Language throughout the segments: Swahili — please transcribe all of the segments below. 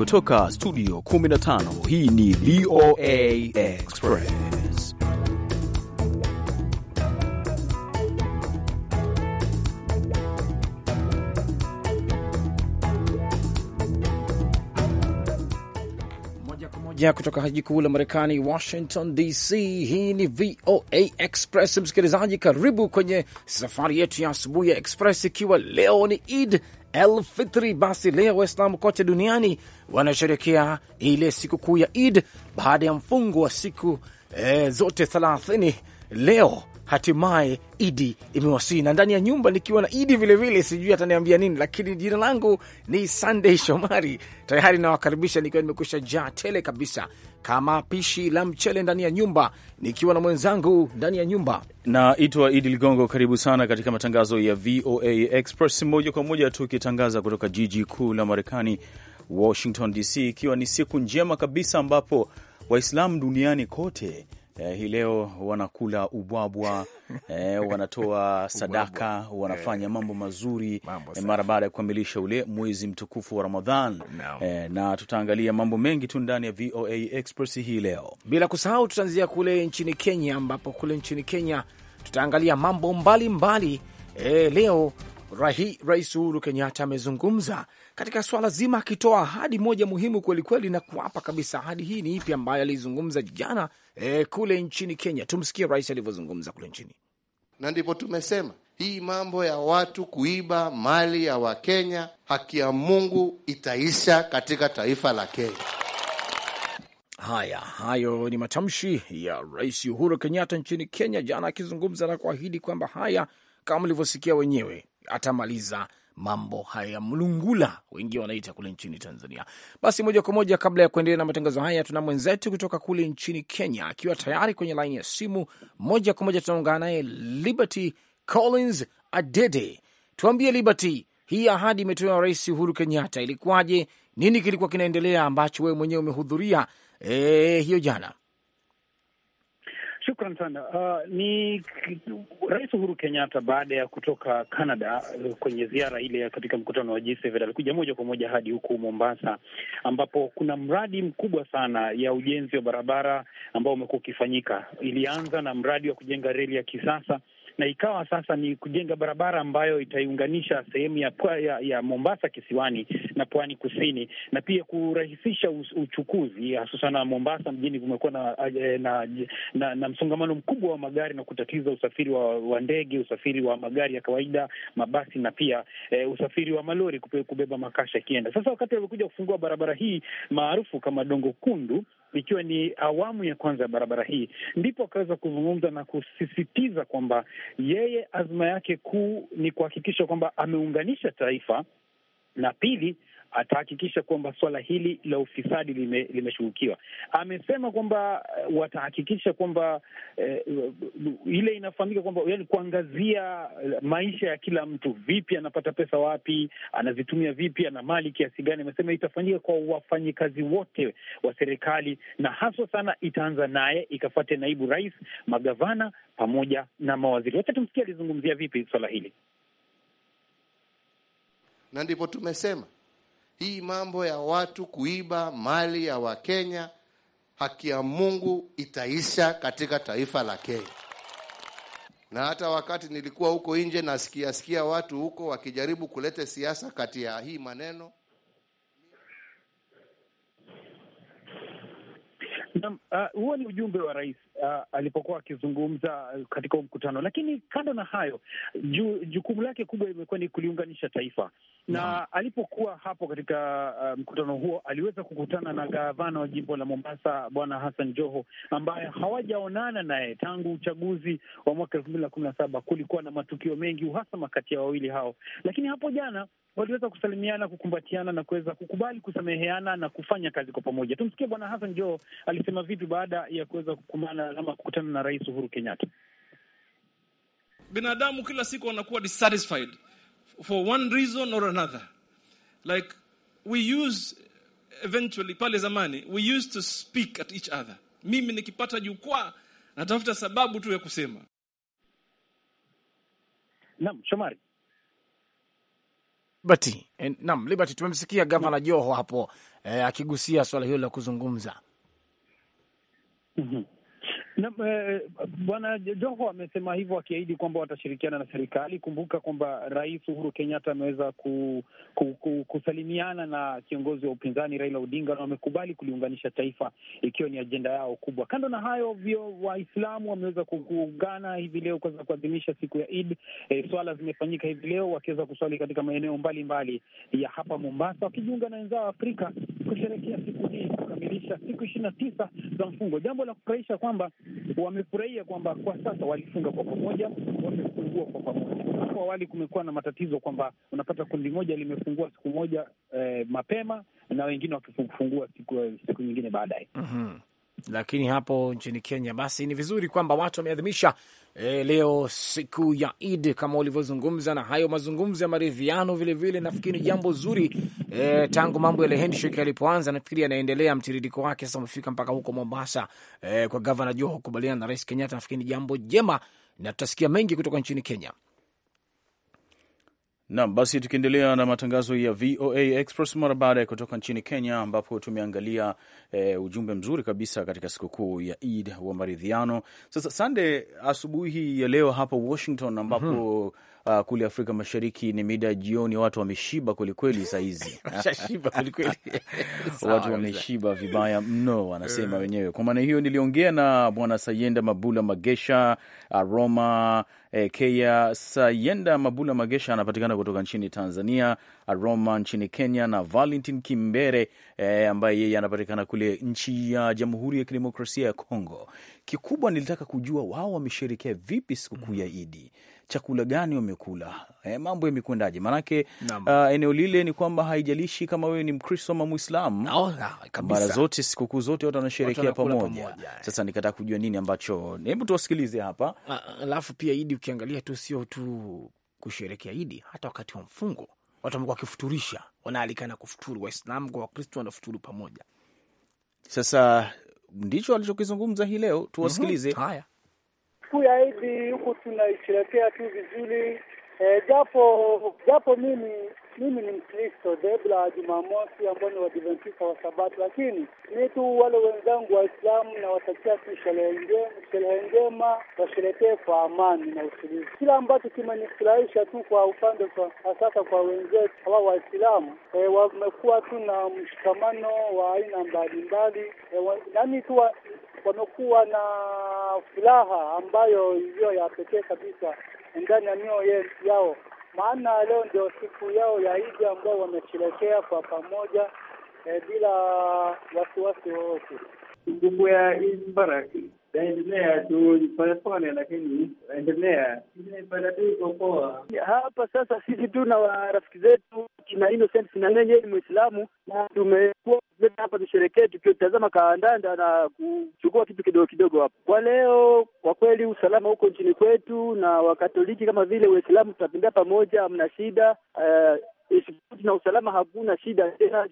kutoka studio 15 hii ni VOA Express. Moja kwa moja kutoka jiji kuu la Marekani, Washington DC. Hii ni VOA Express. Msikilizaji, karibu kwenye safari yetu ya asubuhi ya Express, ikiwa leo ni Eid Elfitri. Basi leo Waislamu kote duniani wanasherekea ile sikukuu ya Id baada ya mfungo wa siku e, zote 30 leo hatimaye Idi imewasili na ndani ya nyumba nikiwa na Idi vilevile, sijui ataniambia nini, lakini jina langu ni Sunday Shomari, tayari nawakaribisha nikiwa nimekusha jaa tele kabisa kama pishi la mchele ndani ya nyumba, nikiwa na mwenzangu ndani ya nyumba naitwa Idi Ligongo. Karibu sana katika matangazo ya VOA Express, moja kwa moja tukitangaza kutoka jiji kuu la Marekani, Washington DC, ikiwa ni siku njema kabisa ambapo Waislamu duniani kote eh, hii leo wanakula ubwabwa eh, wanatoa sadaka wanafanya eh. mambo mazuri eh, mara baada ya kukamilisha ule mwezi mtukufu wa Ramadhan eh, na tutaangalia mambo mengi tu ndani ya VOA Express hii leo, bila kusahau tutaanzia kule nchini Kenya, ambapo kule nchini Kenya tutaangalia mambo mbalimbali mbali. Eh, leo rahi, Rais Uhuru Kenyatta amezungumza katika swala zima, akitoa ahadi moja muhimu kwelikweli na kuapa kabisa. Ahadi hii ni ipi ambayo alizungumza jana eh, kule nchini Kenya? Tumsikie rais alivyozungumza kule nchini. Na ndipo tumesema hii mambo ya watu kuiba mali ya Wakenya, haki ya Mungu itaisha katika taifa la Kenya. Haya, hayo ni matamshi ya Rais Uhuru Kenyatta nchini Kenya jana, akizungumza na kuahidi kwamba haya, kama mlivyosikia wenyewe, atamaliza mambo haya mlungula wengi wanaita kule nchini Tanzania. Basi moja kwa moja, kabla ya kuendelea na matangazo haya, tuna mwenzetu kutoka kule nchini Kenya akiwa tayari kwenye laini ya simu. Moja kwa moja tunaungana naye Liberty Collins Adede. Tuambie Liberty, hii ahadi imetolewa na Rais Uhuru Kenyatta, ilikuwaje? Nini kilikuwa kinaendelea ambacho wewe mwenyewe umehudhuria? E, hiyo jana Shukran sana. Uh, ni Rais Uhuru Kenyatta baada ya kutoka Canada uh, kwenye ziara ile katika mkutano wa G7 alikuja moja kwa moja hadi huku Mombasa, ambapo kuna mradi mkubwa sana ya ujenzi wa barabara ambao umekuwa ukifanyika. Ilianza na mradi wa kujenga reli ya kisasa na ikawa sasa ni kujenga barabara ambayo itaiunganisha sehemu ya, ya, ya Mombasa kisiwani na pwani kusini, na pia kurahisisha uchukuzi na Mombasa mjini. Kumekuwa na, eh, eh, na, na, na msongamano mkubwa wa magari na kutatiza usafiri wa, wa ndege, usafiri wa magari ya kawaida, mabasi na pia eh, usafiri wa malori kubeba makasha ikienda. Sasa wakati wamekuja kufungua barabara hii maarufu kama Dongo Kundu ikiwa ni awamu ya kwanza ya barabara hii, ndipo akaweza kuzungumza na kusisitiza kwamba yeye azma yake kuu ni kuhakikisha kwamba ameunganisha taifa na pili atahakikisha kwamba swala hili la ufisadi limeshughulikiwa. Lime amesema kwamba eh, watahakikisha kwamba eh, ile inafahamika kwamba yani, kuangazia eh, maisha ya kila mtu, vipi anapata pesa, wapi anazitumia, vipi ana mali kiasi gani. Amesema itafanyika kwa wafanyikazi wote wa serikali na haswa sana itaanza naye, ikafuate naibu rais, magavana pamoja na mawaziri. Wacha alizungumzia vipi swala hili, na ndipo tumesema hii mambo ya watu kuiba mali ya Wakenya, haki ya Mungu itaisha katika taifa la Kenya. Na hata wakati nilikuwa huko nje nasikia sikia watu huko wakijaribu kuleta siasa kati ya hii maneno Naam, ah, huo ni ujumbe wa rais uh, alipokuwa akizungumza katika mkutano. Lakini kando na hayo, ju, jukumu lake kubwa imekuwa ni kuliunganisha taifa na alipokuwa hapo katika uh, mkutano huo aliweza kukutana na gavana wa jimbo la Mombasa Bwana Hassan Joho ambaye hawajaonana naye tangu uchaguzi wa mwaka elfu mbili na kumi na saba. Kulikuwa na matukio mengi uhasama kati ya wawili hao, lakini hapo jana waliweza kusalimiana, kukumbatiana na kuweza kukubali kusameheana na kufanya kazi kwa pamoja. Tumsikie Bwana Hassan Joho alisema vipi baada ya kuweza kukumana ama kukutana na Rais Uhuru Kenyatta. Binadamu kila siku wanakuwa dissatisfied for one reason or another. Like we use eventually, pale zamani, we used to speak at each other. Mimi nikipata jukwaa natafuta sababu tu ya kusema. Naam, Shomari. Liberty, eh, naam, Liberty tumemsikia gavana Joho hapo eh, akigusia swala hilo la kuzungumza. Mm-hmm. Na eh, eh, bwana Joho amesema hivyo akiahidi kwamba watashirikiana na serikali. Kumbuka kwamba Rais Uhuru Kenyatta ameweza ku, ku, ku, kusalimiana na kiongozi wa upinzani Raila Odinga na wamekubali kuliunganisha taifa, ikiwa ni ajenda yao kubwa. Kando na hayo, vio Waislamu wameweza kuungana hivi leo kuweza kuadhimisha siku ya Eid. E, swala zimefanyika hivi leo wakiweza kuswali katika maeneo mbalimbali ya hapa Mombasa, wakijiunga na wenzao Afrika kusherehekea siku hii kukamilisha siku ishirini na tisa za mfungo. Jambo la kufurahisha kwamba wamefurahia kwamba kwa sasa walifunga kwa pamoja, wamefungua kwa pamoja. Hapo awali kumekuwa na matatizo kwamba unapata kundi moja limefungua siku moja eh, mapema na wengine wakifungua siku, eh, siku nyingine baadaye. mm -hmm. Lakini hapo nchini Kenya basi ni vizuri kwamba watu wameadhimisha E, leo siku ya Eid kama ulivyozungumza, na hayo mazungumzo ya maridhiano vilevile, nafikiri ni jambo zuri e, tangu mambo yale handshake yalipoanza, nafikiri yanaendelea mtiririko wake sasa, umefika mpaka huko Mombasa e, kwa gavana Joho kukubaliana na Rais Kenyatta, nafikiri ni jambo jema na tutasikia mengi kutoka nchini Kenya. Nam, basi tukiendelea na matangazo ya VOA Express mara baada ya kutoka nchini Kenya, ambapo tumeangalia e, ujumbe mzuri kabisa katika sikukuu ya Eid wa maridhiano. Sasa sande, asubuhi ya leo hapa Washington ambapo mm -hmm uh, kule Afrika Mashariki ni mida ya jioni, watu wameshiba kwelikweli sahizi watu wameshiba vibaya mno, wanasema eh. wenyewe. Kwa maana hiyo, niliongea na Bwana Sayenda Mabula Magesha Aroma ah, E, eh, Keya Sayenda Mabula Magesha anapatikana kutoka nchini Tanzania, Aroma ah, nchini Kenya, na Valentin Kimbere e, ambaye yeye anapatikana kule nchi ya Jamhuri ya Kidemokrasia ya Kongo. Kikubwa nilitaka kujua wao wamesherekea vipi sikukuu ya mm. Idi chakula gani wamekula, e, mambo yamekwendaje? Maanake uh, eneo lile ni kwamba haijalishi kama wewe ni Mkristo ama Mwislamu, ah, mara zote, sikukuu zote watu wanasherekea pamoja, pamoja. Eh. Sasa nikataka kujua nini ambacho, hebu tuwasikilize hapa. Ah, alafu pia Idi, ukiangalia tu sio tu kusherekea Idi, hata wakati wa mfungo watu wamekuwa wakifuturisha, wanaalikana kufuturu. Waislamu kwa Wakristo wanafuturu pamoja. Sasa ndicho alichokizungumza hii leo, tuwasikilize. mm -hmm. Haya siku ya Idi huku tunaisherekea tu vizuri e, japo japo mimi mimi ni Mkristo Debla Jumamosi ambao ni Waadventista wa Sabato, lakini ni tu wale wenzangu Waislamu na watakia tu sherehe njema, washerekee kwa amani na utulivu. Kila ambacho kimenifurahisha tu kwa upande kwa sasa kwa wenzetu hawa Waislamu e, wamekuwa tu na mshikamano wa aina mbalimbali e, nani tu wamekuwa na furaha ambayo iliyo ya pekee kabisa ndani ya mioyo yao, maana leo ndio siku yao ya Idi ambao wamesherekea kwa pamoja e, bila wasiwasi wowote. Sikukuu ya Idi mbaraki naendelea tu polepole, lakini poa hapa. Sasa sisi tu na warafiki zetu kina Innocent Sinane, yeye ni Mwislamu, na tumekuwa hapa tusherekee tukitazama kaandanda na kuchukua kitu kidogo kidogo hapa kwa leo. Kwa kweli usalama huko nchini kwetu na Wakatoliki kama vile Waislamu tunatembea pamoja, hamna shida uh, wakati na usalama hakuna shida tena.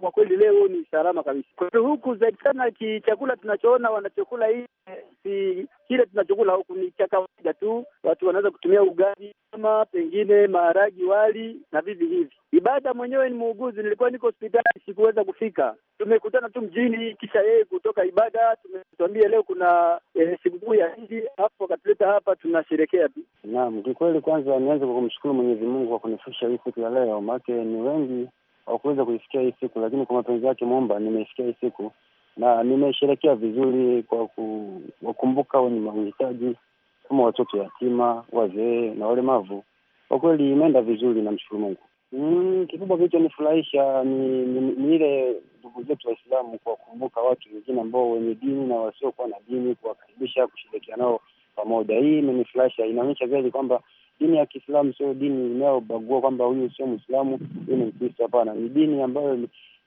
Kwa kweli leo ni salama kabisa. Kwa huku zaidi sana kichakula tunachoona wanachokula hii eh, si kile tunachokula huku ni cha kawaida tu. Watu wanaweza kutumia ugali ama pengine maharagi, wali na vivi hivi. Ibada mwenyewe ni muuguzi, nilikuwa niko hospitali, sikuweza kufika. Tumekutana tu mjini, kisha yeye kutoka ibada tumetuambia leo kuna eh, sikukuu ya Idi, alafu wakatuleta hapa, tunasherekea tu. Naam, kikweli, kwanza nianze kwa kumshukuru Mwenyezi Mungu kwa kunifikisha hii siku ya leo, maake ni wengi wakuweza kuisikia hii siku, lakini kwa mapenzi yake Muumba nimeisikia hii siku na nimesherekea vizuri kwa kuwakumbuka wenye mahitaji kama watoto yatima, wazee na walemavu. Kwa kweli imeenda vizuri, namshukuru Mungu. Mm, kikubwa kilichonifurahisha ni, ni, ni ile ndugu zetu Waislamu kuwakumbuka watu wengine ambao wenye dini na wasiokuwa na dini, kuwakaribisha, kushirikia nao pamoja. Hii imenifurahisha, inaonyesha zaidi kwamba dini ya Kiislamu sio dini inayobagua kwamba huyu sio Mwislamu, huyu ni Mkristo. Hapana, ni dini ambayo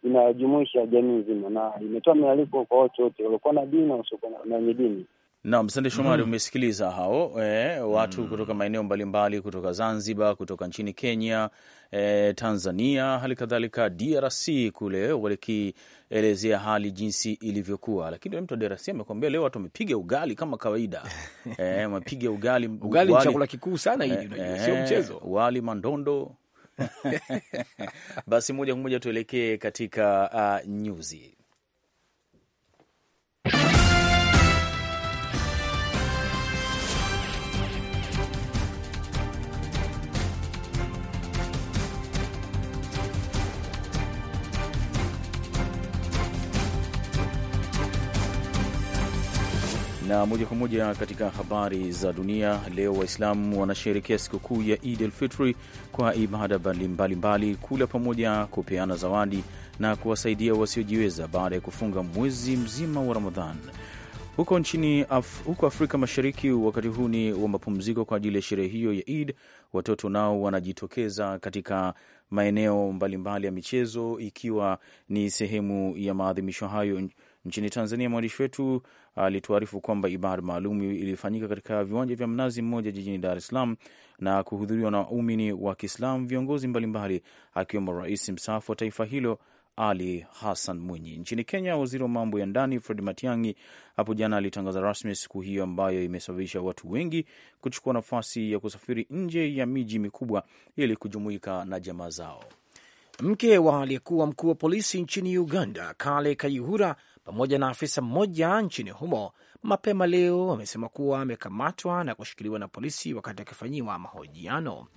inajumuisha jamii nzima na imetoa mialiko kwa watu wote waliokuwa na dini na wasiokuwa na wenye dini. Naam, Sande Shomari, mm. Umesikiliza hao e, watu mm. kutoka maeneo mbalimbali kutoka Zanzibar, kutoka nchini Kenya, e, Tanzania, hali kadhalika DRC kule walikielezea hali jinsi ilivyokuwa, lakini mtu wa DRC amekwambia leo watu wamepiga ugali kama kawaida e, wamepiga ugali ugali, chakula kikuu sana hili, unajua sio mchezo, wali mandondo Basi moja kwa moja tuelekee katika uh, nyuzi Na moja kwa moja katika habari za dunia leo, Waislamu wanasherekea sikukuu ya Id al-Fitri kwa ibada mbalimbali, kula pamoja, kupeana zawadi na kuwasaidia wasiojiweza baada ya kufunga mwezi mzima wa Ramadhan. Huko nchini Af, huko Afrika Mashariki, wakati huu ni wa mapumziko kwa ajili ya sherehe hiyo ya Id. Watoto nao wanajitokeza katika maeneo mbalimbali mbali ya michezo, ikiwa ni sehemu ya maadhimisho hayo Nchini Tanzania, mwandishi wetu alituarifu kwamba ibada maalum ilifanyika katika viwanja vya Mnazi Mmoja jijini Dar es Salaam na kuhudhuriwa na waumini wa Kiislamu, viongozi mbalimbali, akiwemo rais mstaafu wa taifa hilo ali Hassan Mwinyi. Nchini Kenya, waziri wa mambo ya ndani Fred Matiang'i hapo jana alitangaza rasmi siku hiyo ambayo imesababisha watu wengi kuchukua nafasi ya kusafiri nje ya miji mikubwa ili kujumuika na jamaa zao. Mke wa aliyekuwa mkuu wa polisi nchini Uganda, Kale Kayihura, pamoja na afisa mmoja nchini humo, mapema leo amesema kuwa amekamatwa na kushikiliwa na polisi wakati akifanyiwa mahojiano.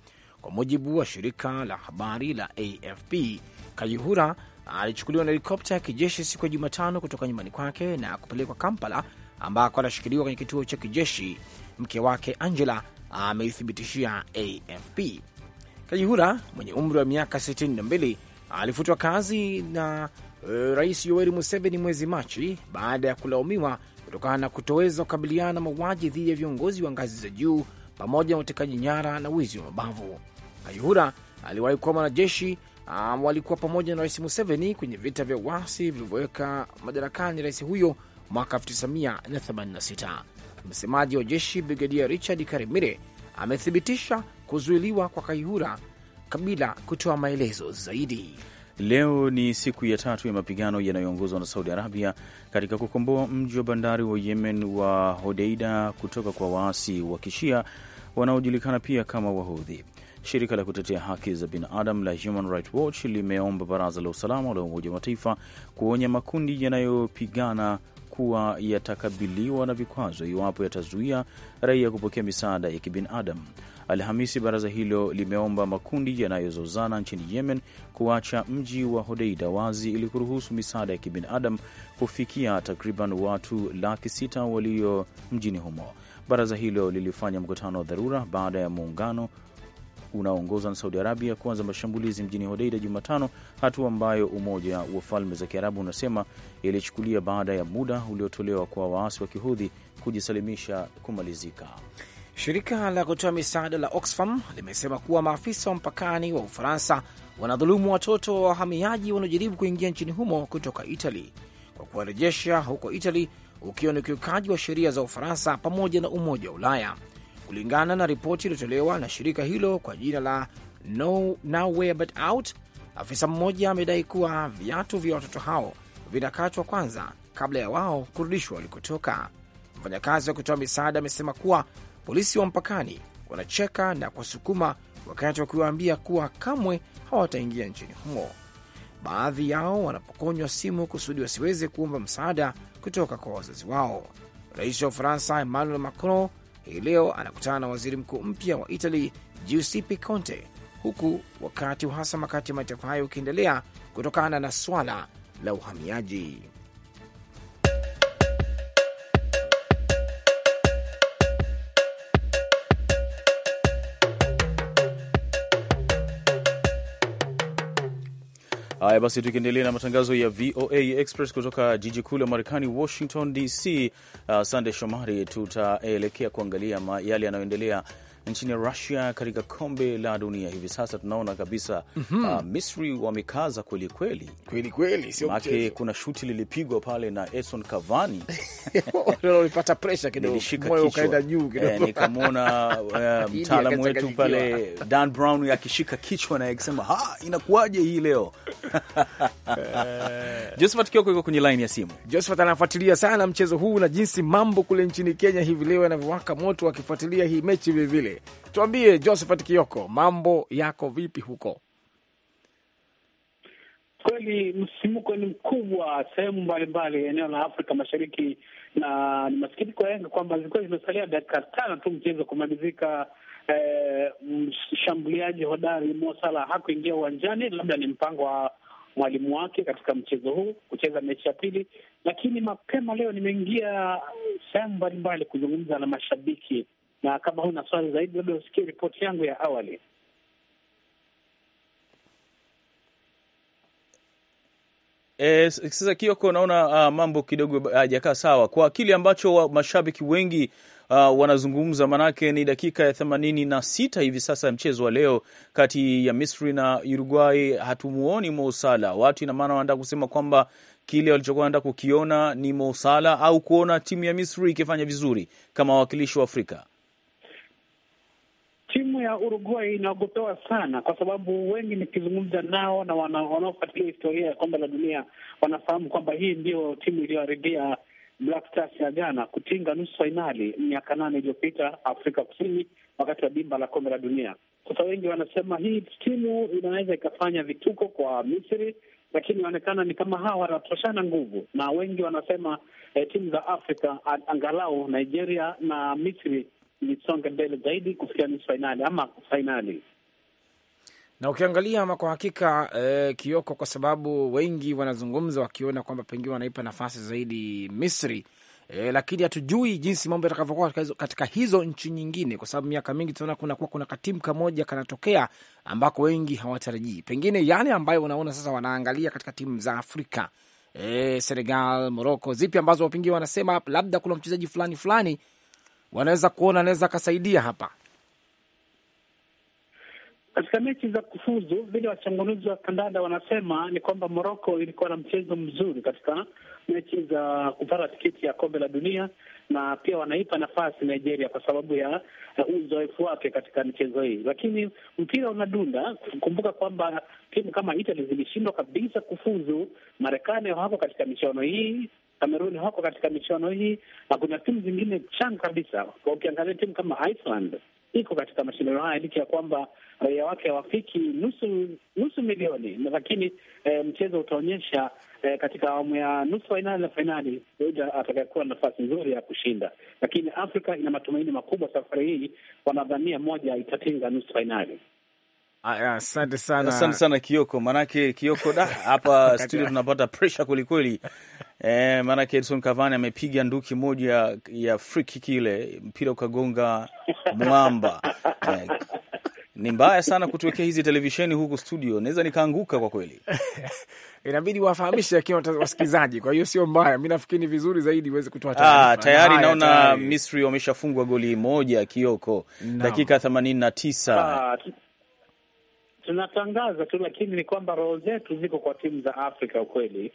Kwa mujibu wa shirika la habari la AFP, Kayihura alichukuliwa na helikopta ya kijeshi siku ya Jumatano kutoka nyumbani kwake na kupelekwa Kampala, ambako anashikiliwa kwenye kituo cha kijeshi. Mke wake Angela ameithibitishia AFP. Kajihura mwenye umri wa miaka 62 alifutwa kazi na uh, Rais Yoweri Museveni mwezi Machi baada ya kulaumiwa kutokana na kutoweza kukabiliana na mauaji dhidi ya viongozi wa ngazi za juu pamoja na utekaji nyara na wizi wa mabavu. Kayihura aliwahi kuwa mwanajeshi um, walikuwa pamoja na Rais Museveni kwenye vita vya uasi vilivyoweka madarakani rais huyo mwaka 1986. Msemaji wa jeshi Brigadia Richard Karimire amethibitisha kuzuiliwa kwa Kaihura Kabila kutoa maelezo zaidi. Leo ni siku ya tatu ya mapigano yanayoongozwa na Saudi Arabia katika kukomboa mji wa bandari wa Yemen wa Hodeida kutoka kwa waasi wa Kishia wanaojulikana pia kama Wahudhi. Shirika la kutetea haki za binadamu la Human Rights Watch limeomba Baraza la Usalama la Umoja wa Mataifa kuonya makundi yanayopigana kuwa yatakabiliwa na vikwazo iwapo yatazuia raia kupokea misaada ya kibinadamu. Alhamisi baraza hilo limeomba makundi yanayozozana nchini Yemen kuacha mji wa Hodeida wazi ili kuruhusu misaada ya kibinadamu kufikia takriban watu laki sita walio mjini humo. Baraza hilo lilifanya mkutano wa dharura baada ya muungano unaoongozwa na Saudi Arabia kuanza mashambulizi mjini Hodeida Jumatano, hatua ambayo Umoja wa Falme za Kiarabu unasema ilichukulia baada ya muda uliotolewa kwa waasi wa kihudhi kujisalimisha kumalizika. Shirika la kutoa misaada la Oxfam limesema kuwa maafisa wa mpakani wa Ufaransa wanadhulumu watoto wa wahamiaji wanaojaribu kuingia nchini humo kutoka Itali kwa kuwarejesha huko Itali, ukiwa ni ukiukaji wa sheria za Ufaransa pamoja na Umoja wa Ulaya, kulingana na ripoti iliyotolewa na shirika hilo kwa jina la No Nowhere But Out. Afisa mmoja amedai kuwa viatu vya watoto hao vinakatwa kwanza kabla ya wao kurudishwa walikotoka. Mfanyakazi wa kutoa misaada amesema kuwa polisi wa mpakani wanacheka na kuwasukuma wakati wakiwaambia kuwa kamwe hawataingia nchini humo. Baadhi yao wanapokonywa simu kusudi wasiweze kuomba msaada kutoka kwa wazazi wao. Rais wa Ufaransa Emmanuel Macron hii leo anakutana na waziri mkuu mpya wa Italy Giuseppe Conte, huku wakati uhasama kati ya mataifa hayo ukiendelea kutokana na swala la uhamiaji. Haya basi, tukiendelea na matangazo ya VOA Express kutoka jiji kuu la Marekani, Washington DC. Uh, Sande Shomari, tutaelekea kuangalia yale yanayoendelea nchini Rusia katika kombe la dunia hivi sasa tunaona kabisa mm -hmm. Uh, Misri wamekaza kweli kweli kweli kweli, sio mchezo. Kuna shuti lilipigwa pale na Edson Cavani walipata presha kidogo, moyo ukaenda juu eh, kidogo, nikamwona uh, mtaalamu wetu pale Dan Brown akishika kichwa na akisema ha, inakuwaje hii leo Josephat Kioko yuko kwenye line ya simu. Josephat anafuatilia sana mchezo huu na jinsi mambo kule nchini Kenya hivi leo yanavyowaka moto, akifuatilia hii mechi vilevile tuambie Josephat Kioko, mambo yako vipi huko? Kweli msimuko ni mkubwa sehemu mbalimbali eneo la Afrika Mashariki, na ni masikitiko Yanga kwamba zilikuwa zimesalia dakika tano tu mchezo kumalizika. Eh, mshambuliaji hodari Mo Salah hakuingia uwanjani, labda ni mpango wa mwalimu wake katika mchezo huu kucheza mechi ya pili. Lakini mapema leo nimeingia sehemu mbalimbali kuzungumza na mashabiki na kama huna swali zaidi, labda usikie ripoti yangu ya awali. Eh, sasa Kioko, naona uh, mambo kidogo hajakaa uh, sawa kwa kile ambacho wa, mashabiki wengi uh, wanazungumza, manake ni dakika ya themanini na sita hivi sasa ya mchezo wa leo kati ya Misri na Uruguay. Hatumuoni Mo Salah, watu ina maana wanataka kusema kwamba kile walichokuwa wanataka kukiona ni Mo Salah au kuona timu ya Misri ikifanya vizuri kama wawakilishi wa Afrika timu ya Uruguay inaogopewa sana, kwa sababu wengi nikizungumza nao na wanaofuatilia historia ya kombe la dunia wanafahamu kwamba hii ndio timu iliyoharibia Black Stars ya Ghana kutinga nusu fainali miaka nane iliyopita Afrika Kusini, wakati wa dimba la kombe la dunia. Sasa wengi wanasema hii timu inaweza ikafanya vituko kwa Misri, lakini inaonekana ni kama hawa wanatoshana nguvu, na wengi wanasema eh, timu za Afrika angalau Nigeria na Misri lisonge mbele zaidi kufikia nusu fainali ama fainali. Na ukiangalia ama kwa hakika eh, Kioko, kwa sababu wengi wanazungumza wakiona kwamba pengine wanaipa nafasi zaidi Misri eh, lakini hatujui jinsi mambo yatakavyokuwa katika hizo nchi nyingine, kwa sababu miaka mingi tunaona kunakuwa kuna katimu kamoja kanatokea ambako wengi hawatarajii, pengine yale ambayo unaona sasa wanaangalia katika timu za Afrika eh, Senegal, Moroko, zipi ambazo wapingi wanasema labda kuna mchezaji fulani fulani wanaweza kuona anaweza akasaidia hapa katika mechi za kufuzu. Vile wachanganuzi wa kandanda wanasema ni kwamba Moroko ilikuwa na mchezo mzuri katika mechi za kupata tikiti ya kombe la dunia, na pia wanaipa nafasi Nigeria kwa sababu ya uzoefu wake katika michezo hii, lakini mpira unadunda. Kumbuka kwamba timu kama Italy zilishindwa kabisa kufuzu. Marekani hawako katika michuano hii, Kameruni wako katika michuano hii, na kuna timu zingine changa kabisa. Kwa ukiangalia timu kama Iceland iko katika mashindano haya licha ya kwamba raia wake hawafiki nusu nusu milioni, lakini eh, mchezo utaonyesha eh, katika awamu ya nusu fainali na fainali moja atakayekuwa na nafasi nzuri ya kushinda. Lakini Afrika ina matumaini makubwa safari hii, wanadhania moja itatinga nusu fainali. Ah, asante sana, asante sana Kioko, maanake Kioko da hapa studio tunapata pressure kwelikweli. E, eh, maanake Edson Cavani amepiga nduki moja ya free kick ile, mpira ukagonga mwamba. E, ni mbaya sana kutuwekea hizi televisheni huku studio, naweza nikaanguka kwa kweli. Inabidi wafahamishe akiwa wasikilizaji, kwa hiyo sio mbaya. Mi nafikiri ni vizuri zaidi iweze kutoa ah, taarifa tayari. Naona Misri wameshafungwa goli moja Kioko, no. dakika themanini na tisa. Ah, tunatangaza tu, lakini ni kwamba roho zetu ziko kwa timu za Afrika ukweli.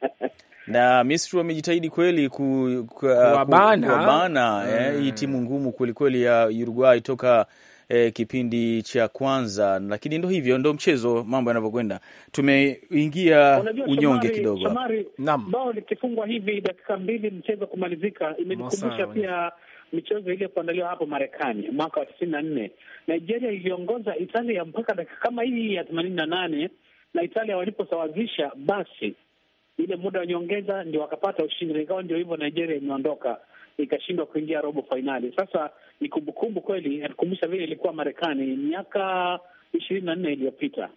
na Misri wamejitahidi kweli ku, ku, wabana, wabana mm. eh, hmm. hii timu ngumu kwelikweli ya Uruguay toka eh, kipindi cha kwanza, lakini ndo hivyo, ndo mchezo mambo yanavyokwenda. Tumeingia unyonge kidogo, bao likifungwa hivi dakika mbili mchezo kumalizika, imenikumbusha pia michezo ile kuandaliwa hapo Marekani mwaka wa tisini na nne. Nigeria iliongoza Italia mpaka dakika kama hii ya themanini na nane na Italia waliposawazisha, basi ile muda wa nyongeza ndio wakapata ushindi. Ikawa ndio hivyo, Nigeria imeondoka ikashindwa kuingia robo fainali. Sasa ni kumbukumbu kweli, natukumbusha vile ilikuwa Marekani miaka ishirini na nne iliyopita.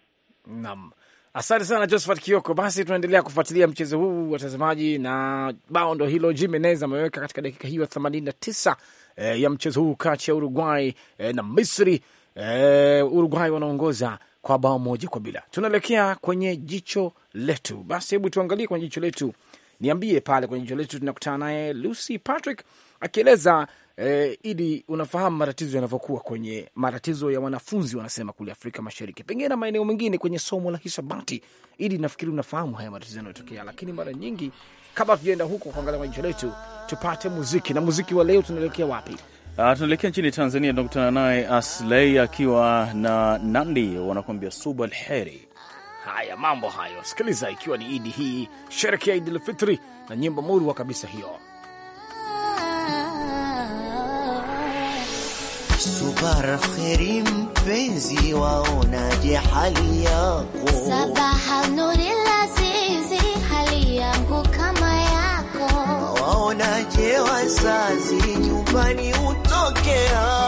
Naam. Asante sana Josephat Kioko. Basi tunaendelea kufuatilia mchezo huu watazamaji, na bao ndo hilo Jimenez ameweka katika dakika hiyo 89 eh, ya mchezo huu kati ya Uruguay eh, na Misri. Eh, Uruguay wanaongoza kwa bao moja kwa bila. Tunaelekea kwenye jicho letu. Basi hebu tuangalie kwenye jicho letu, niambie pale kwenye jicho letu tunakutana naye Lucy Patrick akieleza E, Idi, unafahamu matatizo yanavyokuwa kwenye matatizo ya wanafunzi wanasema kule Afrika Mashariki, pengine na maeneo mengine kwenye somo la hisabati. Idi, nafikiri unafahamu haya matatizo yanayotokea, lakini mara nyingi, kabla tujaenda huko kuangalia maisha letu, tupate muziki. Na muziki wa leo tunaelekea wapi? Uh, tunaelekea nchini Tanzania, tunakutana naye Aslei akiwa na Nandi wanakuambia suba alheri. Haya, mambo hayo, sikiliza. Ikiwa ni Idi hii, sherekea lfitri na nyimbo murwa kabisa hiyo. Subara kheri mpenzi, waonaje hali yako? Sabaha nuril azizi, hali yangu kama yako. Waonaje wazazi, nyumbani utokea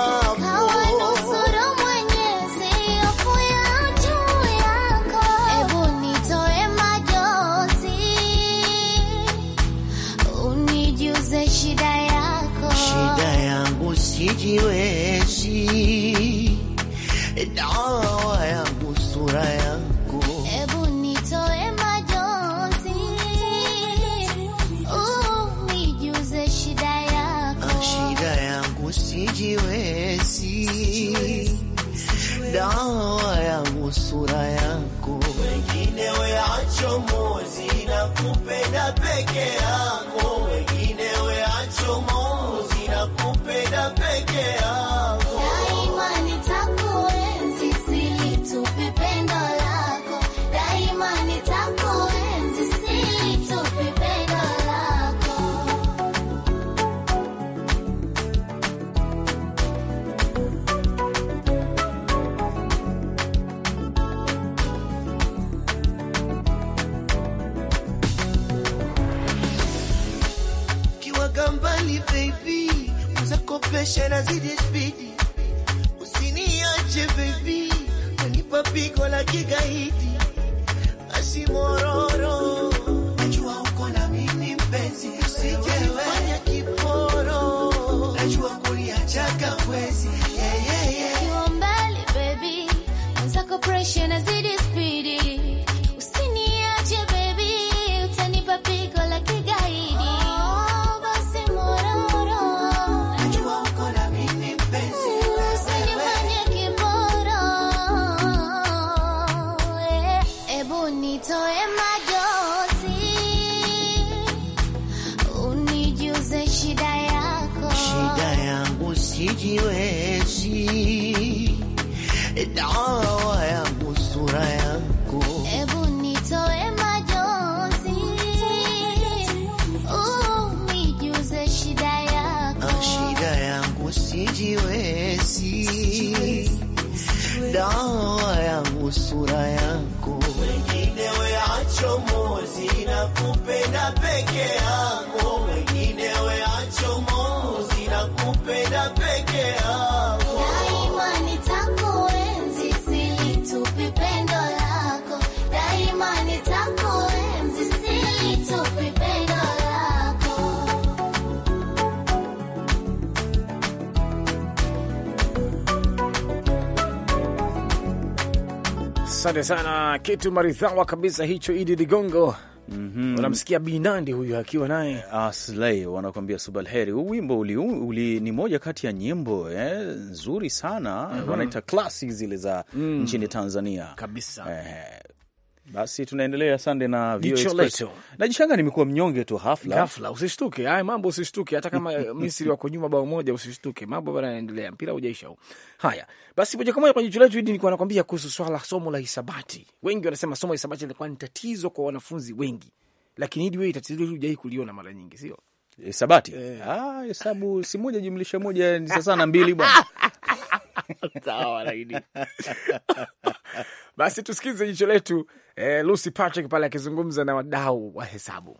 peke yangu Presha nazidi spidi, usiniache baby, unipa pigo la kigaidi nakupenda peke yako, wengine peke yako Asante sana, kitu maridhawa kabisa hicho, Idi Ligongo. Mm. -hmm. Unamsikia Binandi huyu akiwa naye eh, Aslay, ah, wanakuambia subalheri. Huu wimbo uli, uli, ni moja kati ya nyimbo eh, nzuri sana mm -hmm. wanaita klasi zile za mm. nchini Tanzania kabisa eh, basi tunaendelea sande na jicho letu. Najishanga nimekuwa mnyonge tu hafla hafla. Usishtuke haya mambo, usishtuke hata kama Misri wako nyuma bao moja, usishtuke mambo bado yanaendelea, mpira hujaisha huu. Haya basi, moja kwa moja kwenye jicho letu hili, nilikuwa nakwambia kuhusu swala somo la hisabati. Wengi wanasema somo la hisabati lilikuwa ni tatizo kwa wanafunzi wengi, lakini hili wewe tatizo hili hujawahi kuliona mara nyingi, sio hisabati? Eh. Ah, hesabu si moja jumlisha moja ni sasa na mbili bwana. Sawa, laini basi tusikize jicho letu eh, Lucy Patrick pale akizungumza na wadau wa hesabu.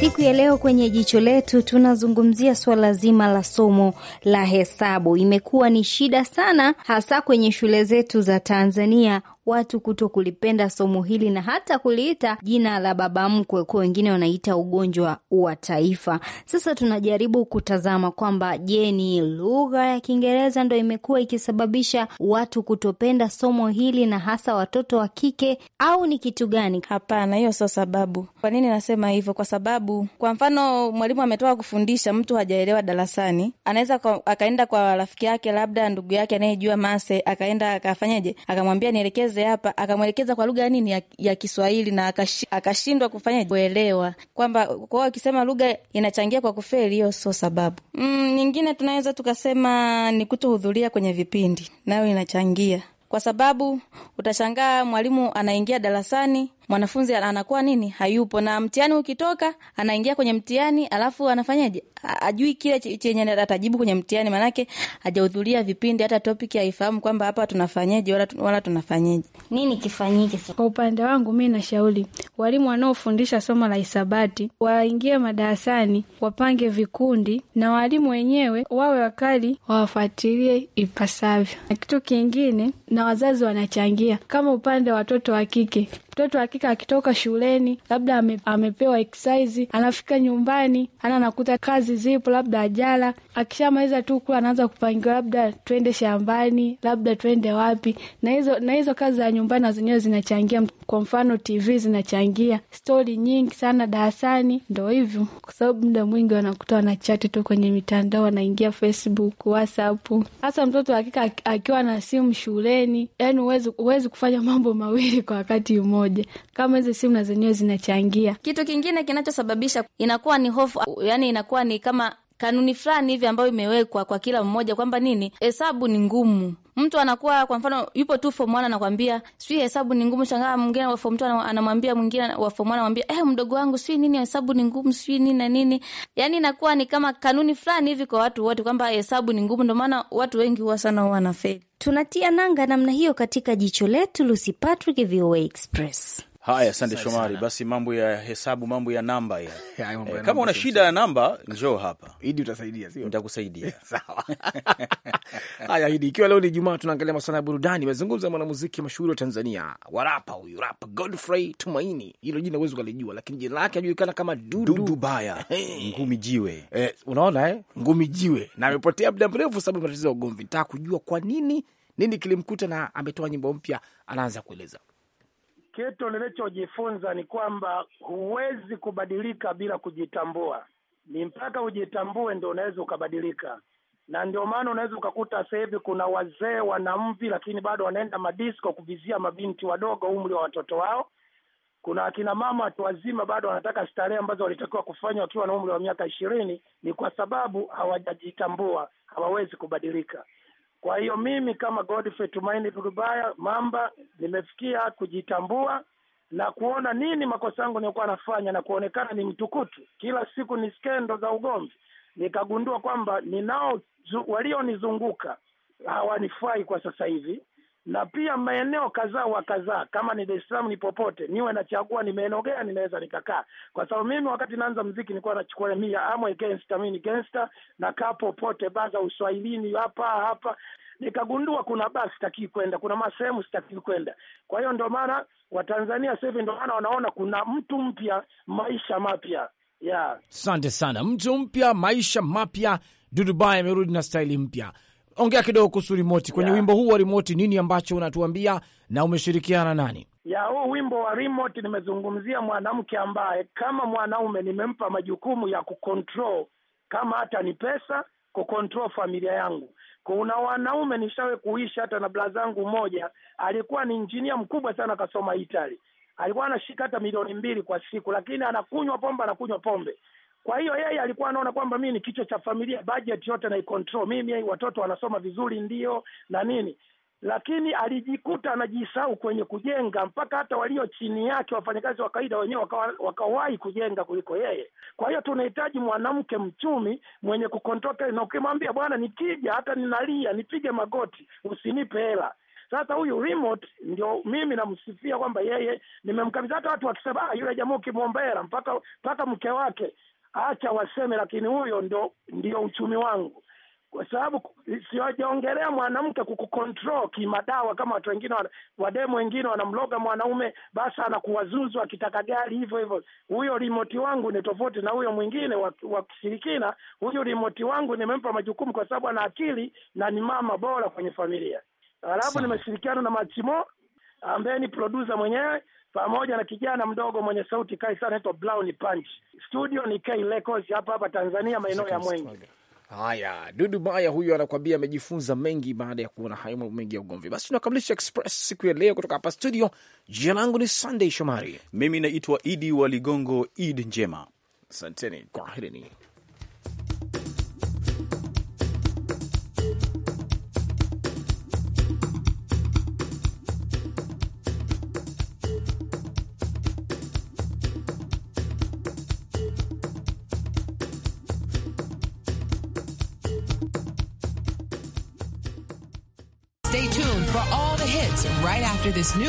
Siku ya leo kwenye jicho letu tunazungumzia suala zima la somo la hesabu. Imekuwa ni shida sana, hasa kwenye shule zetu za Tanzania, watu kuto kulipenda somo hili na hata kuliita jina la baba mkwe, kwa wengine wanaita ugonjwa wa taifa. Sasa tunajaribu kutazama kwamba je, ni lugha ya Kiingereza ndo imekuwa ikisababisha watu kutopenda somo hili na hasa watoto wa kike au ni kitu gani? Hapana, hiyo sio sababu. Kwa nini nasema hivyo? Kwa sababu kwa mfano mwalimu ametoka kufundisha, mtu hajaelewa darasani, anaweza akaenda kwa rafiki yake, labda ndugu yake anayejua mase, akaenda akafanyaje, akamwambia nielekeze ajifunze hapa, akamwelekeza kwa lugha nini ya, ya Kiswahili na akashindwa kufanya kuelewa kwamba kwao akisema lugha inachangia kwa kufeli, hiyo sio sababu. Mm, nyingine tunaweza tukasema ni kutohudhuria kwenye vipindi, nayo inachangia kwa sababu utashangaa mwalimu anaingia darasani mwanafunzi anakuwa nini, hayupo na mtihani ukitoka, anaingia kwenye mtihani alafu anafanyaje? Ajui kile chenye atajibu kwenye mtihani, maanake hajahudhuria vipindi, hata topiki haifahamu kwamba hapa tunafanyaje wala, wala tunafanyaje. Nini kifanyike? Kwa upande wangu mi nashauri walimu wanaofundisha somo la hisabati waingie madarasani, wapange vikundi na walimu wenyewe wawe wakali, wawafuatilie ipasavyo. Na kitu kingine, na wazazi wanachangia, kama upande wa watoto wa kike Mtoto hakika akitoka shuleni, labda ame, amepewa exercise, anafika nyumbani ana anakuta kazi zipo, labda ajala. Akishamaliza tu kula, anaanza kupangiwa, labda twende shambani, labda twende wapi, na hizo na hizo kazi za nyumbani na zenyewe zinachangia. Kwa mfano TV zinachangia, stori nyingi sana darasani. Ndo hivyo, kwa sababu muda mwingi wanakuta wanachati tu kwenye mitandao, wanaingia Facebook, WhatsApp. Hasa mtoto hakika akiwa na simu shuleni, yani huwezi kufanya mambo mawili kwa wakati mmoja moja, kama hizo simu na zenyewe zinachangia. Kitu kingine kinachosababisha inakuwa ni hofu, yani inakuwa ni kama kanuni fulani hivi ambayo imewekwa kwa kila mmoja kwamba nini, hesabu ni ngumu mtu anakuwa kwa mfano yupo tu form 1 anakwambia sijui hesabu ni ngumu, shangaa mwingine wa form anamwambia mwingine wa form anamwambia eh, mdogo wangu sijui nini hesabu ni ngumu sijui nini na nini. Yani inakuwa ni kama kanuni fulani hivi kwa watu wote kwamba hesabu ni ngumu, ndomaana maana watu wengi huwa sana wanafeli. Tunatia nanga namna hiyo katika jicho letu. Lucy Patrick, VOA Express. Haya, asante Shomari. Basi mambo ya hesabu, mambo ya namba ya. ya, ya eh, e, kama una shida ya namba njoo hapa Idi, utasaidia sio? Nitakusaidia. Sawa. Haya Idi, ikiwa leo ni Jumaa, tunaangalia masuala ya burudani. Mezungumza mwanamuziki mashuhuri wa Tanzania warapa huyu rap Godfrey Tumaini, hilo jina uwezi ukalijua, lakini jina lake ajulikana kama Dudu, Dudu Baya ngumi jiwe eh, unaona eh? ngumi jiwe na amepotea muda mrefu sababu matatizo ya ugomvi. Nataka kujua kwa nini, nini kilimkuta, na ametoa nyimbo mpya, anaanza kueleza kitu nilichojifunza ni kwamba huwezi kubadilika bila kujitambua, ni mpaka ujitambue ndo unaweza ukabadilika. Na ndio maana unaweza ukakuta sasa hivi kuna wazee wana mvi, lakini bado wanaenda madisko kuvizia mabinti wadogo umri wa watoto wao. Kuna akina mama watu wazima bado wanataka starehe ambazo walitakiwa kufanya wakiwa na umri wa miaka ishirini. Ni kwa sababu hawajajitambua, hawawezi kubadilika. Kwa hiyo mimi kama Godfrey Tumaini Dudubaya Mamba nimefikia kujitambua na kuona nini makosa yangu niokuwa nafanya na kuonekana ni mtukutu, kila siku ni skendo za ugomvi. Nikagundua kwamba ninao walionizunguka hawanifai kwa sasa hivi, na pia maeneo kadhaa wa kadhaa, kama ni Dar es Salaam ni popote, niwe nachagua ni maeneo gani ninaweza nikakaa, kwa sababu mimi wakati naanza mziki nilikuwa nachukua mia amwe gangster, mi ni gangster, nakaa popote baza uswahilini hapa hapa nikagundua kuna ba sitaki kwenda, kuna masehemu sitaki kwenda. Kwa hiyo ndio maana Watanzania sasa hivi ndio maana wanaona kuna mtu mpya, maisha mapya. Yeah, asante sana. Mtu mpya, maisha mapya. Dudubai amerudi na staili mpya ongea kidogo kuhusu Rimoti kwenye wimbo huu wa Rimoti, nini ambacho unatuambia na umeshirikiana nani? ya huu wimbo wa rimoti nimezungumzia mwanamke ambaye kama mwanaume nimempa majukumu ya kucontrol, kama hata ni pesa, kucontrol familia yangu. Kuna wanaume nishawe kuishi hata na bla zangu mmoja, alikuwa ni injinia mkubwa sana, akasoma Italy, alikuwa anashika hata milioni mbili kwa siku, lakini anakunywa pombe, anakunywa pombe kwa hiyo yeye alikuwa anaona kwamba mimi ni kichwa cha familia, bajeti yote naikontrol mimi, watoto wanasoma vizuri ndio na nini, lakini alijikuta anajisahau kwenye kujenga, mpaka hata walio chini yake, wafanyakazi wa kawaida wenyewe wakawahi kujenga kuliko yeye. Kwa hiyo tunahitaji mwanamke mchumi mwenye kukontrol, na ukimwambia bwana, nikija hata ninalia, nipige magoti, usinipe hela sasa huyu remote ndio mimi namsifia kwamba yeye nimemkabidhi. Hata watu wakisema ah, yule jamaa ukimwombea mpaka mpaka mke wake acha waseme, lakini huyo ndio ndio uchumi wangu, kwa sababu siwajaongelea mwanamke kukukontrol kimadawa kama watu wengine wademu wengine wanamloga mwanaume, basi anakuwazuzu akitaka gari hivyo hivyo. Huyo rimoti wangu ni tofauti na huyo mwingine wa kishirikina. Huyu rimoti wangu nimempa majukumu kwa sababu ana akili na ni mama bora kwenye familia. Halafu nimeshirikiana na Machimo ambaye ni producer mwenyewe pamoja na kijana mdogo mwenye sauti kali sana anaitwa Brown Punch. Studio ni K Records hapa hapa Tanzania, maeneo ya Mwenge. Haya, Dudu Baya huyu anakuambia amejifunza mengi baada ya kuona hayo mambo mengi ya ugomvi. Basi tunakamilisha Express siku ya leo kutoka hapa studio. Jina langu ni Sunday Shomari, mimi naitwa Idi wa Ligongo. id njema, asanteni, kwaherini. this new